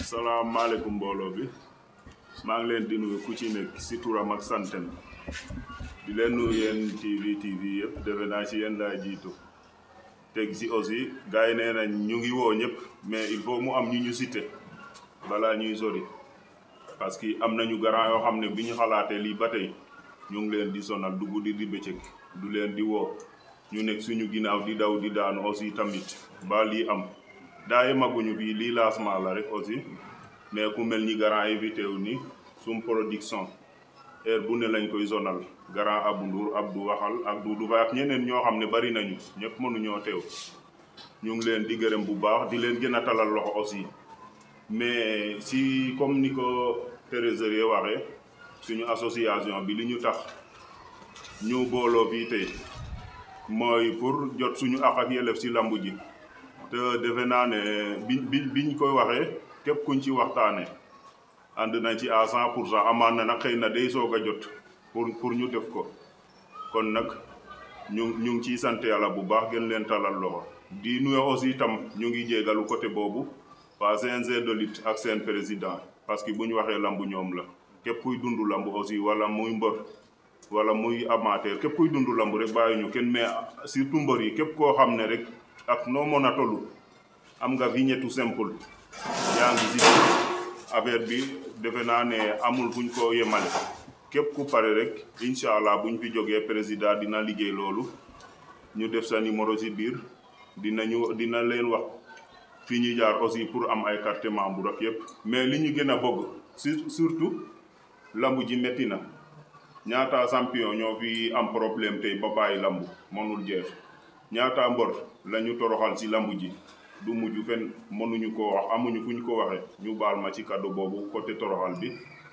assalamu aleykum mboolo bi maa ngi leen di nuyu ku ci nekk si turam ak santem di leen nuyu yenn tv tv yëpp defe naa ci yenn laay jiitu teg si aussi gars yi nee na ñu ngi woo ñëpp mais il faut mu am ñu ñu cité balaa ñuy sori parce que am nañu garant yoo xam ne bi ñu xalaatee lii ba tey ñu ngi leen di sonal dugg di ribécëg du leen di woo ñu nekk suñu ginnaaw di daw di daan aussi tamit ba lii am daayi maguñu bii lii la lancement la rek aussi mais ku mel ni grand invité wu ni sum production heure bu ne lañ koy zonal grand Abou Ndour Abdou Waxal ak Doudou Ba ak ñeneen ñoo xam ne bari nañu ñëpp mënuñoo teew ñu ngi leen di gërëm bu baax di leen gën a talal loxo aussi mais si comme ni ko trésorier waxee suñu association bi li ñu tax ñu booloo fii tey mooy pour jot suñu àq ak yelleef si lambu ji te defe naa ne bi bi biñ koy waxee képp kuñ ci waxtaane ànd nañ ci à cent pour cent amaan na nag xëy na day soog a jot pour pour ñu def ko kon nag ñu ñu ngi ciy sant yàlla bu baax gën leen talal loxo di nuyu aussi itam ñu ngi jégalu côté boobu waa CNG de lutte ak seen président parce que bu ñu waxee lamb ñoom la képp kuy dundu lamb aussi wala muy mbër wala muy amateur képp kuy dundu lamb rek bàyyi ñu kenn mais surtout mbër yi képp koo xam ne rek ak noo mën a toll am nga vigne tout simple yaa ngi gis affaire bi defe naa ne amul buñ ko yemale képp ku pare rek incha allah buñ fi jógee président dina liggéey loolu ñu def sa numéro ci biir dina dinañu dina leen wax fi ñuy jaar aussi pour am ay carte membre ak yépp mais li ñu gën a bëgg surtout lamb ji métti na ñaata champion ñoo fi am problème tey ba bàyyi lamb mënul jeex ñaata mbër la ñu toroxal si lamb ji du mujj fenn mënuñu ko wax amuñu fu ñu ko waxee ñu baal ma ci kàddu boobu côté toroxal bi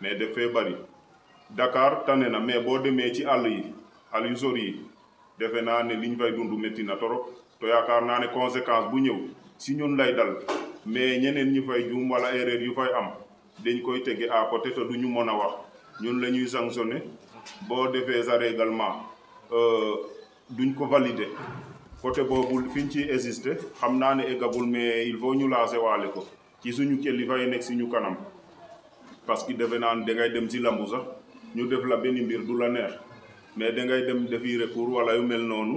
mais daf fee bari Dakar tane na mais boo demee ci àll yi àll yu sori yi defe naa ne li liñ fay dund métti na torop te yaakaar naa ne conséquence bu ñëw si ñun lay dal mais ñeneen ñi fay juum wala erreur yu fay am dañ koy tege à côté te du ñu mën a wax ñun la ñuy sanctionné boo defee sa règlement euh, duñ ko valider côté boobu fi ci ciy existé xam naa mais il faut ñu laase walé ko ci suñu kilifa yi nekk si ñu kanam parce qu'il defe naa ne dangay dem ci lambu sax ñu def la benn mbir du la neex mais da ngay dem defi recours wala yu mel nonu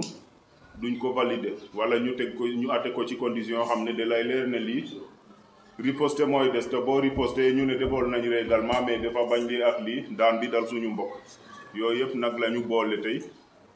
duñ ko valider wala ñu teg ko ñu até ko ci condition xamné xam lay leer né li riposte moy des te bo riposte ñu ne defoon nañu régalement mais dafa bañ lii ak li daan bi dal suñu mbokk yooyu yëpp nag la ñu boole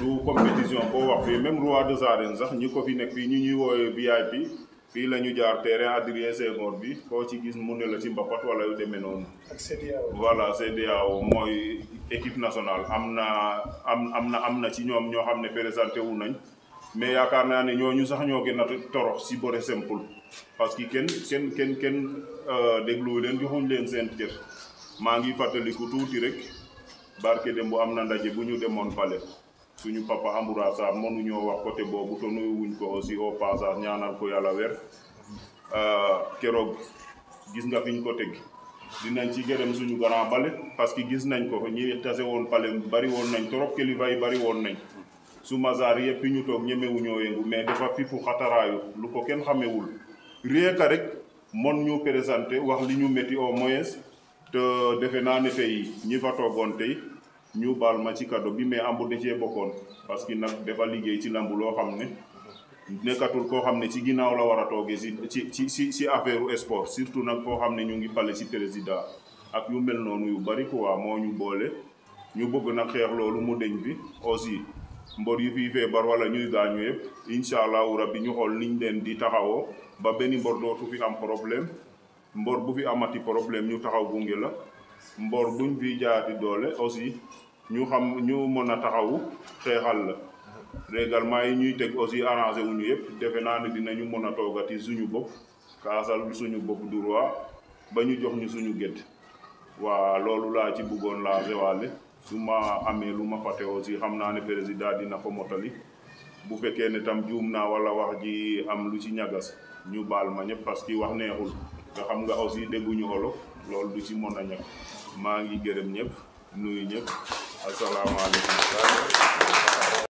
du compétition boo wax fii même roi des arènes sax ñi ko fi nekk fii ñu ñuy woowee VIP fii la ñu jaar terrain Adrien Senghor bi koo ci gis mu ne la ci mbapat walla yu demee noonu. ak CEDEAO voilà mooy équipe nationale am na am am na am na ci ñoom ñoo xam ne présenté wu nañ mais yaakaar naa ne ñooñu sax ñoo gën a torox si bëre simple parce que kenn kenn kenn kenn euh, dégluwu leen joxuñ leen seen cër maa ngi fàttaliku tuuti rek barke dem bu am na ndaje bu ñu demoon fale suñu papa Amoura Sarr mënuñoo wax côté boobu te nuyuwuñ ko aussi au passage ñaanal ko yàlla wér euh, keroog gis nga fiñ ko teg dinañ ci gërëm suñu grand bale parce que gis nañ ko ñi tase woon pale bari woon nañ trop kilifa yi bari woon nañ su mazaar yëpp ñu toog ñemewuñoo yëngu mais dafa fi fu xataraayu lu ko kenn xamewul rien que rek mon ñu présenté wax li ñu métti au moins te defe naa ne tey ñi fa toogoon tey ñu baal ma ci kàddu bi mais Ambour da cee bokkoon parce que nag dafa liggéey ci lamb loo xam ne nekkatul koo xam ne ci ginnaaw la war a toogee si ci ci ci ci affaire u surtout nag koo xam ne ñu ngi pale si président ak yu mel noonu yu bari quoi moo ñu boole ñu bëgg nag xeex loolu mu deñ bi aussi mbor yi fii feebar wala ñuy gaañu yëpp incha allahu rabbi ñu xool niñ leen di taxawoo ba benn mbor dootu fi am problème mbor bu fi amati problème ñu taxaw gunge la mboor buñ fi jaati doole aussi ñu xam ñu mën a taxawu xeexal la règlement yi ñuy teg aussi arrangé wuñu yëpp defe naa ne dinañu mën a toogati suñu bopp kaasal suñu bopp droit ba ñu jox ñu suñu gédd waa loolu laa ci buggoon laa rewaale su ma amee lu ma fàtte aussi xam naa ne président dina ko mottali bu fekkee ne tam juum naa wala wax ji am lu ci ñagas ñu baal ma ñëpp parce que wax neexul te xam nga aussi dégguñu wolof loolu du ci moon a ñàkk maa ngi gërëm ñëpp nuyu ñëpp asalaamaaleykum